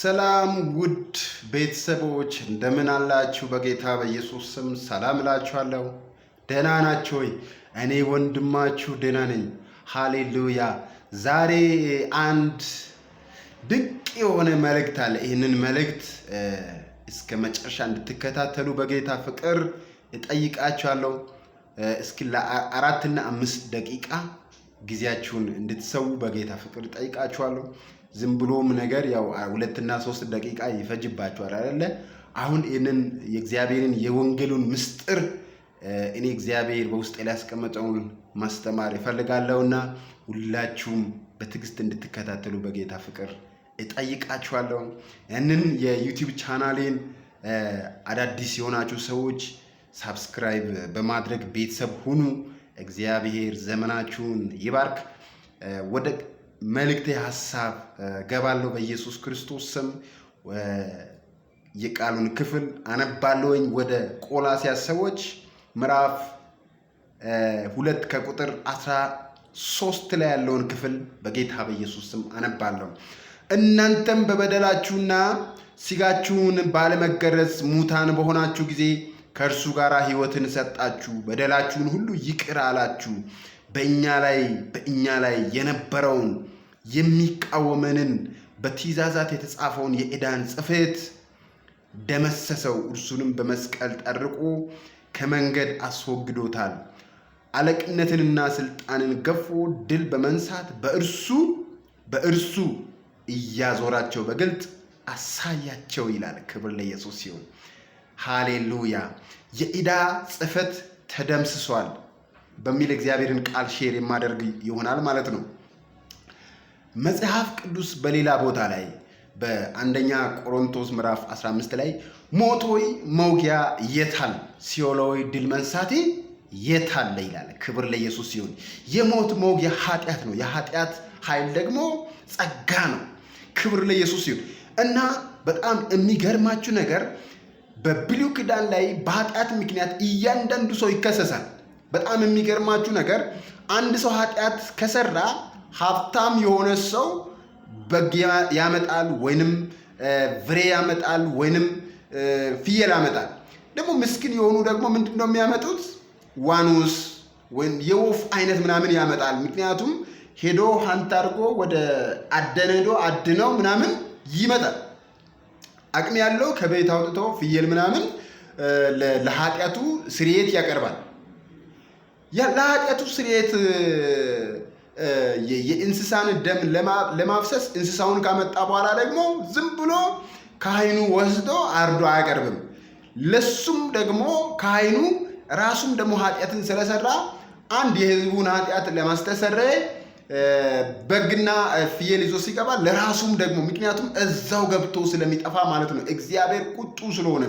ሰላም ውድ ቤተሰቦች እንደምን አላችሁ? በጌታ በኢየሱስ ስም ሰላም እላችኋለሁ። ደህና ናችሁ ወይ? እኔ ወንድማችሁ ደህና ነኝ። ሃሌሉያ። ዛሬ አንድ ድንቅ የሆነ መልእክት አለ። ይህንን መልእክት እስከ መጨረሻ እንድትከታተሉ በጌታ ፍቅር እጠይቃችኋለሁ። እስኪ ለአራትና አምስት ደቂቃ ጊዜያችሁን እንድትሰዉ በጌታ ፍቅር እጠይቃችኋለሁ። ዝም ብሎም ነገር ያው ሁለትና ሶስት ደቂቃ ይፈጅባቸዋል አይደለ? አሁን ይህንን የእግዚአብሔርን የወንጌሉን ምስጢር እኔ እግዚአብሔር በውስጥ ያስቀመጠውን ማስተማር ይፈልጋለሁና ሁላችሁም በትዕግስት እንድትከታተሉ በጌታ ፍቅር እጠይቃችኋለሁ። ያንን የዩቲዩብ ቻናሌን አዳዲስ የሆናችሁ ሰዎች ሳብስክራይብ በማድረግ ቤተሰብ ሁኑ። እግዚአብሔር ዘመናችሁን ይባርክ። ወደ መልእክቴ ሀሳብ ገባለሁ። በኢየሱስ ክርስቶስ ስም የቃሉን ክፍል አነባለሁኝ። ወደ ቆላስይስ ሰዎች ምዕራፍ ሁለት ከቁጥር አስራ ሶስት ላይ ያለውን ክፍል በጌታ በኢየሱስ ስም አነባለሁ። እናንተም በበደላችሁና ሥጋችሁን ባለመገረዝ ሙታን በሆናችሁ ጊዜ ከእርሱ ጋር ሕይወትን ሰጣችሁ፣ በደላችሁን ሁሉ ይቅር አላችሁ። በእኛ ላይ በእኛ ላይ የነበረውን የሚቃወመንን በትእዛዛት የተጻፈውን የዕዳን ጽሕፈት ደመሰሰው፣ እርሱንም በመስቀል ጠርቆ ከመንገድ አስወግዶታል። አለቅነትንና ስልጣንን ገፎ ድል በመንሳት በእርሱ በእርሱ እያዞራቸው በግልጥ አሳያቸው ይላል። ክብር ለኢየሱስ ሲሆን፣ ሃሌሉያ። የዕዳ ጽሕፈት ተደምስሷል በሚል እግዚአብሔርን ቃል ሼር የማደርግ ይሆናል ማለት ነው። መጽሐፍ ቅዱስ በሌላ ቦታ ላይ በአንደኛ ቆሮንቶስ ምዕራፍ 15 ላይ ሞት ሆይ መውጊያ የታል ሲኦል ሆይ ድል መንሳቴ የታለ ይላል። ክብር ለኢየሱስ ሲሆን የሞት መውጊያ ኃጢአት ነው። የኃጢአት ኃይል ደግሞ ጸጋ ነው። ክብር ለኢየሱስ ሲሆን እና በጣም የሚገርማችሁ ነገር በብሉይ ኪዳን ላይ በኃጢአት ምክንያት እያንዳንዱ ሰው ይከሰሳል። በጣም የሚገርማችሁ ነገር አንድ ሰው ኃጢአት ከሰራ ሀብታም የሆነ ሰው በግ ያመጣል ወይንም ብሬ ያመጣል ወይንም ፍየል ያመጣል። ደግሞ ምስኪን የሆኑ ደግሞ ምንድን ነው የሚያመጡት? ዋኖስ ወይም የወፍ አይነት ምናምን ያመጣል። ምክንያቱም ሄዶ ሀንት አድርጎ ወደ አደነ ሄዶ አድነው ምናምን ይመጣል። አቅም ያለው ከቤት አውጥቶ ፍየል ምናምን ለኃጢአቱ ስርየት ያቀርባል። ለኃጢአቱ ስርየት የእንስሳን ደም ለማፍሰስ እንስሳውን ካመጣ በኋላ ደግሞ ዝም ብሎ ካህኑ ወስዶ አርዶ አያቀርብም። ለሱም ደግሞ ካህኑ ራሱም ደግሞ ኃጢአትን ስለሰራ አንድ የህዝቡን ኃጢአት ለማስተሰረይ በግና ፍየል ይዞ ሲገባ ለራሱም ደግሞ ምክንያቱም እዛው ገብቶ ስለሚጠፋ ማለት ነው። እግዚአብሔር ቁጡ ስለሆነ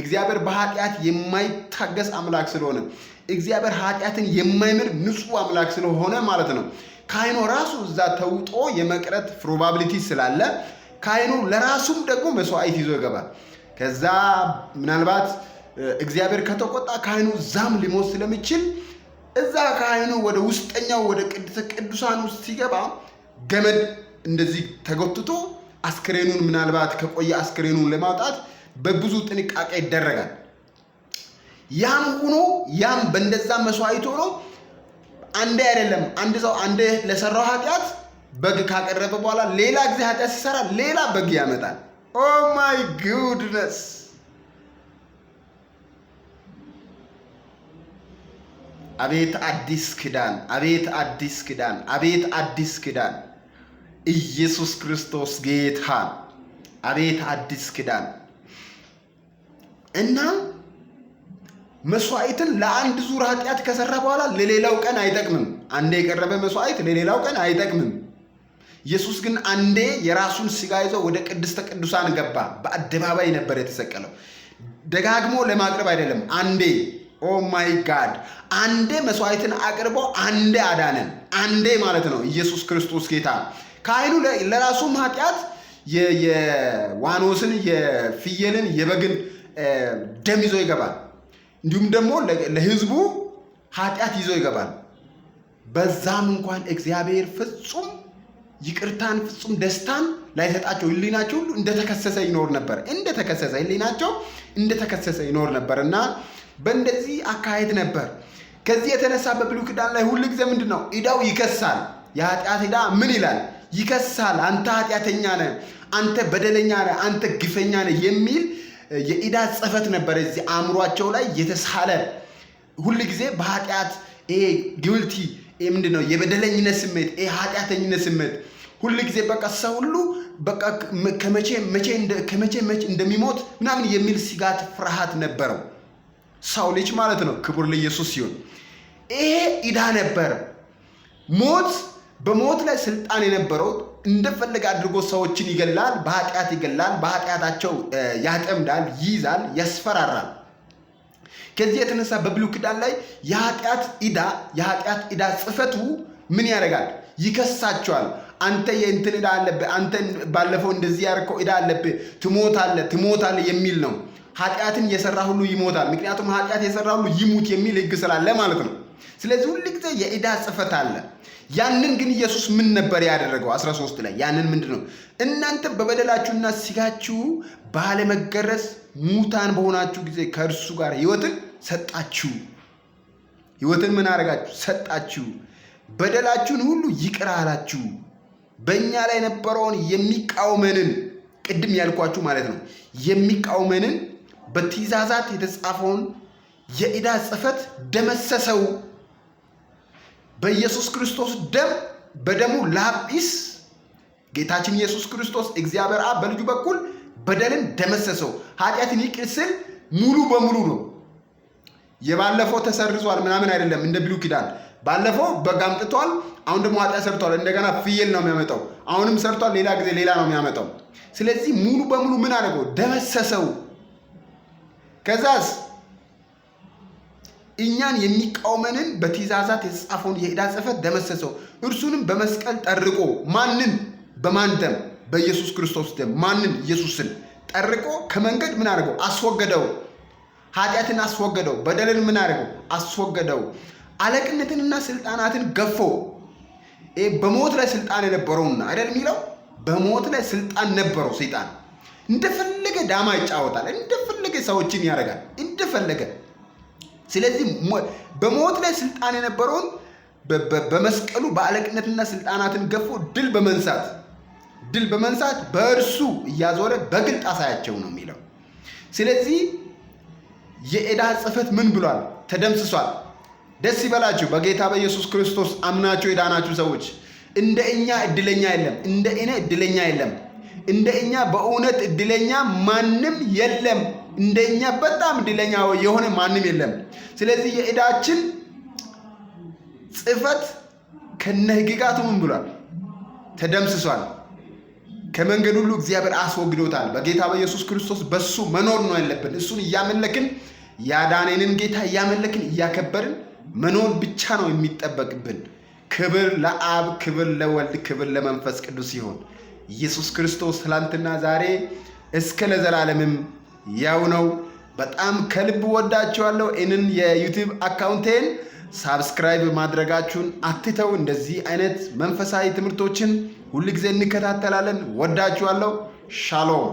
እግዚአብሔር በኃጢአት የማይታገስ አምላክ ስለሆነ እግዚአብሔር ኃጢአትን የማይምር ንጹሕ አምላክ ስለሆነ ማለት ነው። ካይኖ ራሱ እዛ ተውጦ የመቅረት ፕሮባቢሊቲ ስላለ ካይኑ ለራሱም ደግሞ መስዋዕት ይዞ ይገባል። ከዛ ምናልባት እግዚአብሔር ከተቆጣ ካይኖ ዛም ሊሞት ስለሚችል እዛ ካህኑ ወደ ውስጠኛው ወደ ቅድስተ ቅዱሳን ውስጥ ሲገባ ገመድ እንደዚህ ተጎትቶ አስክሬኑን ምናልባት ከቆየ አስክሬኑን ለማውጣት በብዙ ጥንቃቄ ይደረጋል። ያም ሆኖ ያም በእንደዛ መስዋዕት ሆኖ አንዴ አይደለም አንድ ሰው አንዴ ለሰራው ኃጢአት በግ ካቀረበ በኋላ ሌላ ጊዜ ኃጢአት ሲሰራ ሌላ በግ ያመጣል። ኦ ማይ ጉድነስ አቤት አዲስ ኪዳን፣ አቤት አዲስ ኪዳን፣ አቤት አዲስ ኪዳን። ኢየሱስ ክርስቶስ ጌታ። አቤት አዲስ ኪዳን እና መስዋዕትን ለአንድ ዙር ኃጢአት ከሰራ በኋላ ለሌላው ቀን አይጠቅምም። አንዴ የቀረበ መስዋዕት ለሌላው ቀን አይጠቅምም። ኢየሱስ ግን አንዴ የራሱን ስጋ ይዞ ወደ ቅድስተ ቅዱሳን ገባ። በአደባባይ ነበር የተሰቀለው። ደጋግሞ ለማቅረብ አይደለም፣ አንዴ ኦ ማይ ጋድ! አንዴ መስዋዕትን አቅርቦ አንዴ አዳነን። አንዴ ማለት ነው ኢየሱስ ክርስቶስ ጌታ። ካህኑ ለራሱም ኃጢአት የዋኖስን የፍየልን የበግን ደም ይዞ ይገባል። እንዲሁም ደግሞ ለህዝቡ ኃጢአት ይዞ ይገባል። በዛም እንኳን እግዚአብሔር ፍጹም ይቅርታን ፍጹም ደስታን ላይሰጣቸው ህሊናቸው ሁሉ እንደተከሰሰ ይኖር ነበር። እንደተከሰሰ ህሊናቸው እንደተከሰሰ ይኖር ነበር እና በእንደዚህ አካሄድ ነበር። ከዚህ የተነሳ በብሉይ ኪዳን ላይ ሁል ጊዜ ምንድን ነው ኢዳው ይከሳል። የኃጢአት ዕዳ ምን ይላል? ይከሳል። አንተ ኃጢአተኛ ነህ፣ አንተ በደለኛ ነህ፣ አንተ ግፈኛ ነህ የሚል የዕዳ ጽሕፈት ነበር እዚህ አእምሯቸው ላይ የተሳለ ሁል ጊዜ በኃጢአት ይሄ ጊውልቲ ምንድን ነው የበደለኝነት ስሜት ይሄ ኃጢአተኝነት ስሜት ሁል ጊዜ በቃ ሰው ሁሉ በቃ ከመቼ መቼ እንደሚሞት ምናምን የሚል ስጋት ፍርሃት ነበረው። ሰው ልጅ ማለት ነው። ክቡር ለኢየሱስ ሲሆን ይሄ ዕዳ ነበር ሞት በሞት ላይ ስልጣን የነበረው እንደፈለገ አድርጎ ሰዎችን ይገላል፣ በኃጢአት ይገላል፣ በኃጢአታቸው ያጠምዳል፣ ይይዛል፣ ያስፈራራል። ከዚህ የተነሳ በብሉ ኪዳን ላይ የኃጢአት ዕዳ የኃጢአት ዕዳ ጽፈቱ ምን ያደርጋል? ይከሳቸዋል። አንተ የእንትን ዕዳ አለብህ፣ አንተ ባለፈው እንደዚህ ያደረከው ዕዳ አለብህ፣ ትሞታለህ፣ ትሞታለህ የሚል ነው። ኃጢአትን የሰራ ሁሉ ይሞታል፣ ምክንያቱም ኃጢአት የሰራ ሁሉ ይሙት የሚል ህግ ስላለ ማለት ነው። ስለዚህ ጊዜ የዕዳ ጽፈት አለ። ያንን ግን ኢየሱስ ምን ነበር ያደረገው? 13 ላይ ያንን ምንድን ነው እናንተ በበደላችሁና ስጋችሁ ባለመገረዝ ሙታን በሆናችሁ ጊዜ ከእርሱ ጋር ህይወትን ሰጣችሁ። ህይወትን ምን አደረጋችሁ? ሰጣችሁ። በደላችሁን ሁሉ ይቅር አላችሁ፣ በእኛ ላይ የነበረውን የሚቃወመንን ቅድም ያልኳችሁ ማለት ነው የሚቃወመንን በትእዛዛት የተጻፈውን የዕዳ ጽሕፈት ደመሰሰው። በኢየሱስ ክርስቶስ ደም በደሙ ላጲስ ጌታችን ኢየሱስ ክርስቶስ እግዚአብሔር አብ በልጁ በኩል በደልን ደመሰሰው። ኃጢአትን ይቅር ስል ሙሉ በሙሉ ነው። የባለፈው ተሰርዟል ምናምን አይደለም። እንደ ብሉይ ኪዳን ባለፈው በጋምጥቷል አሁን ደግሞ ኃጢአት ሰርቷል። እንደገና ፍየል ነው የሚያመጣው። አሁንም ሰርቷል፣ ሌላ ጊዜ ሌላ ነው የሚያመጣው። ስለዚህ ሙሉ በሙሉ ምን አደረገው? ደመሰሰው። ከዛስ እኛን የሚቃወመንን በትእዛዛት የተጻፈውን የዕዳ ጽሕፈት ደመሰሰው፣ እርሱንም በመስቀል ጠርቆ ማንን በማን ደም? በኢየሱስ ክርስቶስ ደም። ማንን? ኢየሱስን ጠርቆ ከመንገድ ምን አድርገው አስወገደው። ኃጢአትን አስወገደው። በደልን ምን አድርገው አስወገደው። አለቅነትንና ስልጣናትን ገፎ በሞት ላይ ስልጣን የነበረውና አይደል የሚለው በሞት ላይ ስልጣን ነበረው። ሰይጣን እንደፈለገ ዳማ ይጫወታል። ሰዎችን ያደርጋል እንደፈለገ። ስለዚህ በሞት ላይ ስልጣን የነበረውን በመስቀሉ በአለቅነትና ስልጣናትን ገፎ ድል በመንሳት ድል በመንሳት በእርሱ እያዞረ በግልጥ አሳያቸው ነው የሚለው። ስለዚህ የዕዳ ጽሕፈት ምን ብሏል? ተደምስሷል። ደስ ይበላችሁ በጌታ በኢየሱስ ክርስቶስ አምናችሁ የዳናችሁ ሰዎች። እንደ እኛ እድለኛ የለም። እንደ እኔ እድለኛ የለም። እንደ እኛ በእውነት እድለኛ ማንም የለም። እንደኛ በጣም ድለኛ የሆነ ማንም የለም። ስለዚህ የዕዳችን ጽህፈት ከነ ህግጋቱ ምን ብሏል? ተደምስሷል። ከመንገድ ሁሉ እግዚአብሔር አስወግዶታል። በጌታ በኢየሱስ ክርስቶስ በሱ መኖር ነው ያለብን። እሱን እያመለክን ያዳነንን ጌታ እያመለክን እያከበርን መኖር ብቻ ነው የሚጠበቅብን። ክብር ለአብ፣ ክብር ለወልድ፣ ክብር ለመንፈስ ቅዱስ ይሁን። ኢየሱስ ክርስቶስ ትላንትና ዛሬ እስከ ለዘላለምም ያው ነው። በጣም ከልብ ወዳችኋለሁ። ይህንን የዩቲዩብ አካውንቴን ሳብስክራይብ ማድረጋችሁን አትተው። እንደዚህ አይነት መንፈሳዊ ትምህርቶችን ሁልጊዜ እንከታተላለን። ወዳችኋለሁ። ሻሎም